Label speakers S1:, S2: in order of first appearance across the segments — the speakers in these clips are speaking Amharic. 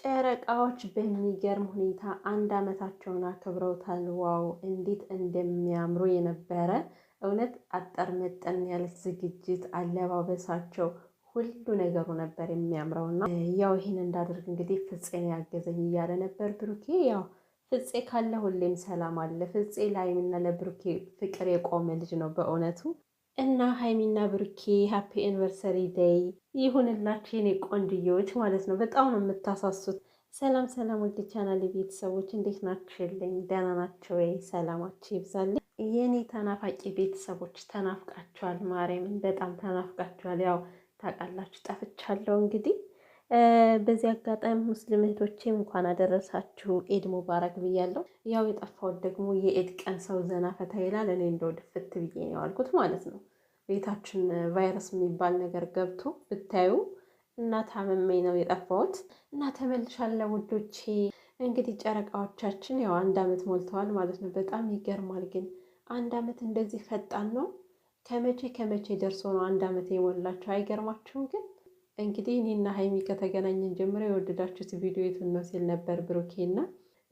S1: ጨረቃዎች በሚገርም ሁኔታ አንድ ዓመታቸውን አክብረውታል። ዋው እንዴት እንደሚያምሩ የነበረ እውነት አጠር መጠን ያለች ዝግጅት፣ አለባበሳቸው፣ ሁሉ ነገሩ ነበር የሚያምረውና ያው ይህን እንዳደርግ እንግዲህ ፍፄን ያገዘኝ እያለ ነበር ብሩኬ። ያው ፍፄ ካለ ሁሌም ሰላም አለ። ፍፄ ለሀይሚና ለብሩኬ ፍቅር የቆመ ልጅ ነው በእውነቱ። እና ሀይሚና ብሩኬ ሀፒ ኤኒቨርሰሪ ደይ ይሁንላችሁ የኔ ቆንጆዎች ማለት ነው። በጣም ነው የምታሳሱት። ሰላም ሰላም፣ ወደ ቻናል ቤተሰቦች እንዴት ናችሁልኝ? ደህና ናቸው ወይ? ሰላማችሁ ይብዛልኝ የኔ ተናፋቂ ቤተሰቦች። ተናፍቃችኋል፣ ማርያምን በጣም ተናፍቃችኋል። ያው ታውቃላችሁ ጠፍቻለሁ እንግዲህ በዚህ አጋጣሚ ሙስሊም እህቶቼ እንኳን አደረሳችሁ ኤድ ሙባረክ ብያለሁ። ያው የጠፋሁት ደግሞ የኤድ ቀን ሰው ዘና ፈታ ይላል። እኔ እንደው ድፍት ብዬ ነው ያልኩት ማለት ነው። ቤታችን ቫይረስ የሚባል ነገር ገብቶ ብታዩ እና ታመሜ ነው የጠፋሁት እና ተመልሻለሁ ውዶቼ። እንግዲህ ጨረቃዎቻችን ያው አንድ አመት ሞልተዋል ማለት ነው። በጣም ይገርማል ግን አንድ አመት እንደዚህ ፈጣን ነው። ከመቼ ከመቼ ደርሶ ነው አንድ አመት የሞላቸው አይገርማችሁም ግን እንግዲህ እኔና ሀይሚ ከተገናኘን ጀምሮ የወደዳችሁት ቪዲዮ የቱን ነው ሲል ነበር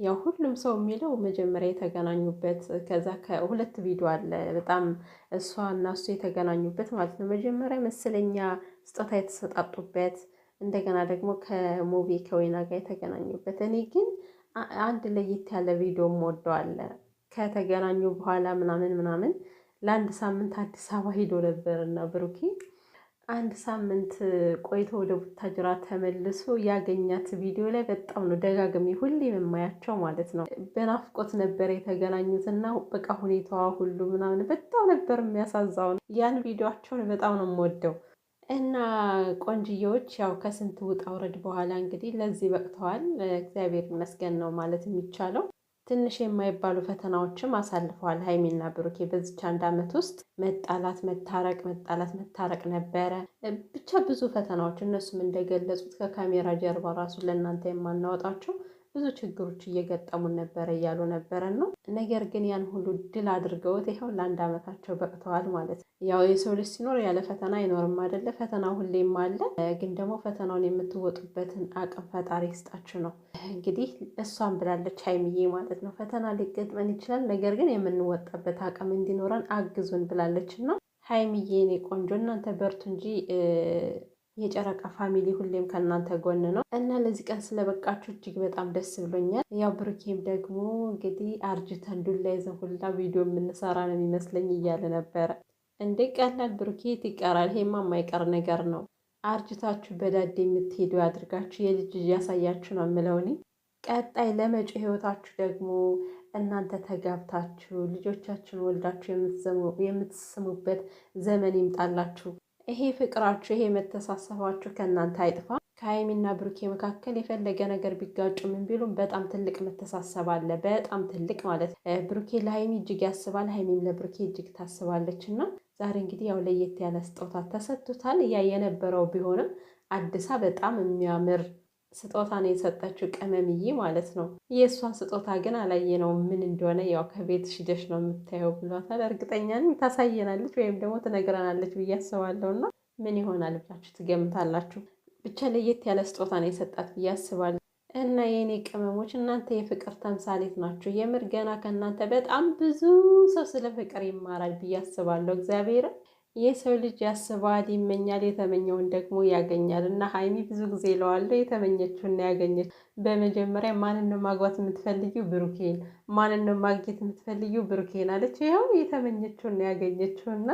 S1: ያው ሁሉም ሰው የሚለው መጀመሪያ የተገናኙበት ከዛ ከሁለት ቪዲዮ አለ በጣም እሷ እና እሱ የተገናኙበት ማለት ነው። መጀመሪያ መሰለኛ ስጦታ የተሰጣጡበት እንደገና ደግሞ ከሙቪ ከወይና ጋር የተገናኙበት። እኔ ግን አንድ ለየት ያለ ቪዲዮ ወደዋለ ከተገናኙ በኋላ ምናምን ምናምን ለአንድ ሳምንት አዲስ አበባ ሂዶ ነበር እና ብሩኬ አንድ ሳምንት ቆይቶ ወደ ቡታጅራ ተመልሶ ያገኛት ቪዲዮ ላይ በጣም ነው ደጋግሜ ሁሌ የማያቸው ማለት ነው። በናፍቆት ነበር የተገናኙት እና በቃ ሁኔታዋ ሁሉ ምናምን በጣም ነበር የሚያሳዛው ነው። ያን ቪዲዮቸውን በጣም ነው የምወደው። እና ቆንጅዬዎች ያው ከስንት ውጣ ውረድ በኋላ እንግዲህ ለዚህ በቅተዋል። እግዚአብሔር ይመስገን ነው ማለት የሚቻለው። ትንሽ የማይባሉ ፈተናዎችም አሳልፈዋል ሀይሚና ብሩኬ በዚች አንድ ዓመት ውስጥ መጣላት፣ መታረቅ፣ መጣላት፣ መታረቅ ነበረ። ብቻ ብዙ ፈተናዎች እነሱም እንደገለጹት ከካሜራ ጀርባ ራሱ ለእናንተ የማናወጣቸው ብዙ ችግሮች እየገጠሙን ነበረ እያሉ ነበረን ነው። ነገር ግን ያን ሁሉ ድል አድርገውት ይኸው ለአንድ ዓመታቸው በቅተዋል ማለት ነው። ያው የሰው ልጅ ሲኖር ያለ ፈተና አይኖርም አይደለ? ፈተና ሁሌም አለ። ግን ደግሞ ፈተናውን የምትወጡበትን አቅም ፈጣሪ ይስጣችሁ ነው እንግዲህ። እሷን ብላለች ሀይሚዬ ማለት ነው። ፈተና ሊገጥመን ይችላል፣ ነገር ግን የምንወጣበት አቅም እንዲኖረን አግዙን ብላለች እና ሀይሚዬ እኔ ቆንጆ እናንተ በርቱ እንጂ የጨረቃ ፋሚሊ ሁሌም ከእናንተ ጎን ነው እና ለዚህ ቀን ስለበቃችሁ እጅግ በጣም ደስ ብሎኛል። ያው ብሩኬም ደግሞ እንግዲህ አርጅተን ዱላ ይዘን ሁላ ቪዲዮ የምንሰራ ነው የሚመስለኝ እያለ ነበረ። እንዴ ቀላል ብሩኬት ይቀራል። ይሄማ የማይቀር ነገር ነው። አርጅታችሁ በዳድ የምትሄዱ ያድርጋችሁ። የልጅ እያሳያችሁ ነው የምለው እኔ። ቀጣይ ለመጪ ህይወታችሁ ደግሞ እናንተ ተጋብታችሁ ልጆቻችሁን ወልዳችሁ የምትስሙበት ዘመን ይምጣላችሁ። ይሄ ፍቅራችሁ ይሄ መተሳሰባችሁ ከእናንተ አይጥፋ። ከሀይሚና ብሩኬ መካከል የፈለገ ነገር ቢጋጩ ምን ቢሉም በጣም ትልቅ መተሳሰብ አለ። በጣም ትልቅ ማለት ብሩኬ ለሀይሚ እጅግ ያስባል፣ ሀይሚም ለብሩኬ እጅግ ታስባለች። እና ዛሬ እንግዲህ ያው ለየት ያለ ስጦታ ተሰጥቶታል። ያ የነበረው ቢሆንም አዲሳ በጣም የሚያምር ስጦታ ነው የሰጠችው ቅመምዬ ማለት ነው። የእሷን ስጦታ ግን ነው ምን እንደሆነ ያው ከቤት ሽደሽ ነው የምታየው ብሏታል። እርግጠኛ ነኝ ታሳየናለች ወይም ደግሞ ትነግረናለች ብዬ አስባለሁ። እና ምን ይሆናል ብላችሁ ትገምታላችሁ? ብቻ ለየት ያለ ስጦታ ነው የሰጣት ብዬ አስባለሁ። እና የእኔ ቅመሞች እናንተ የፍቅር ተምሳሌት ናችሁ። የምር ገና ከእናንተ በጣም ብዙ ሰው ስለ ፍቅር ይማራል ብዬ አስባለሁ እግዚአብሔርን የሰው ልጅ ያስባል፣ ይመኛል፣ የተመኘውን ደግሞ ያገኛል። እና ሀይሚ ብዙ ጊዜ ለዋለ የተመኘችውና ያገኘች በመጀመሪያ ማንን ነው ማግባት የምትፈልጊው? ብሩኬን። ማንን ነው ማግኘት የምትፈልጊው? ብሩኬን አለች። ይኸው የተመኘችውና ያገኘችውና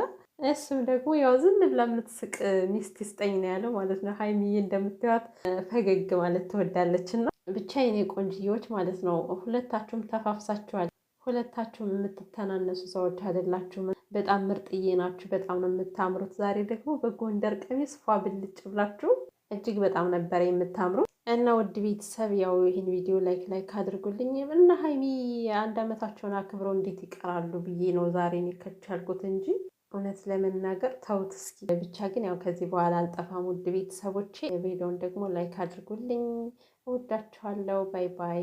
S1: እሱም ደግሞ ያው ዝም ብላ የምትስቅ ሚስት ይስጠኝ ነው ያለው ማለት ነው። ሀይሚዬ እንደምትዋት ፈገግ ማለት ትወዳለች። እና ብቻ የኔ ቆንጅዬዎች ማለት ነው ሁለታችሁም ተፋፍሳችኋል። ሁለታችሁም የምትተናነሱ ሰዎች አይደላችሁም። በጣም ምርጥዬ ናችሁ። በጣም ነው የምታምሩት። ዛሬ ደግሞ በጎንደር ቀሚስ ፏ ብልጭ ብላችሁ እጅግ በጣም ነበረ የምታምሩ እና ውድ ቤተሰብ ያው ይህን ቪዲዮ ላይክ ላይክ አድርጉልኝ እና ሀይሚ አንድ ዓመታቸውን አክብረው እንዴት ይቀራሉ ብዬ ነው ዛሬ ከች ያልኩት እንጂ እውነት ለመናገር ተውት እስኪ። ብቻ ግን ያው ከዚህ በኋላ አልጠፋም። ውድ ቤተሰቦቼ ቪዲዮውን ደግሞ ላይክ አድርጉልኝ። እወዳችኋለሁ። ባይ ባይ።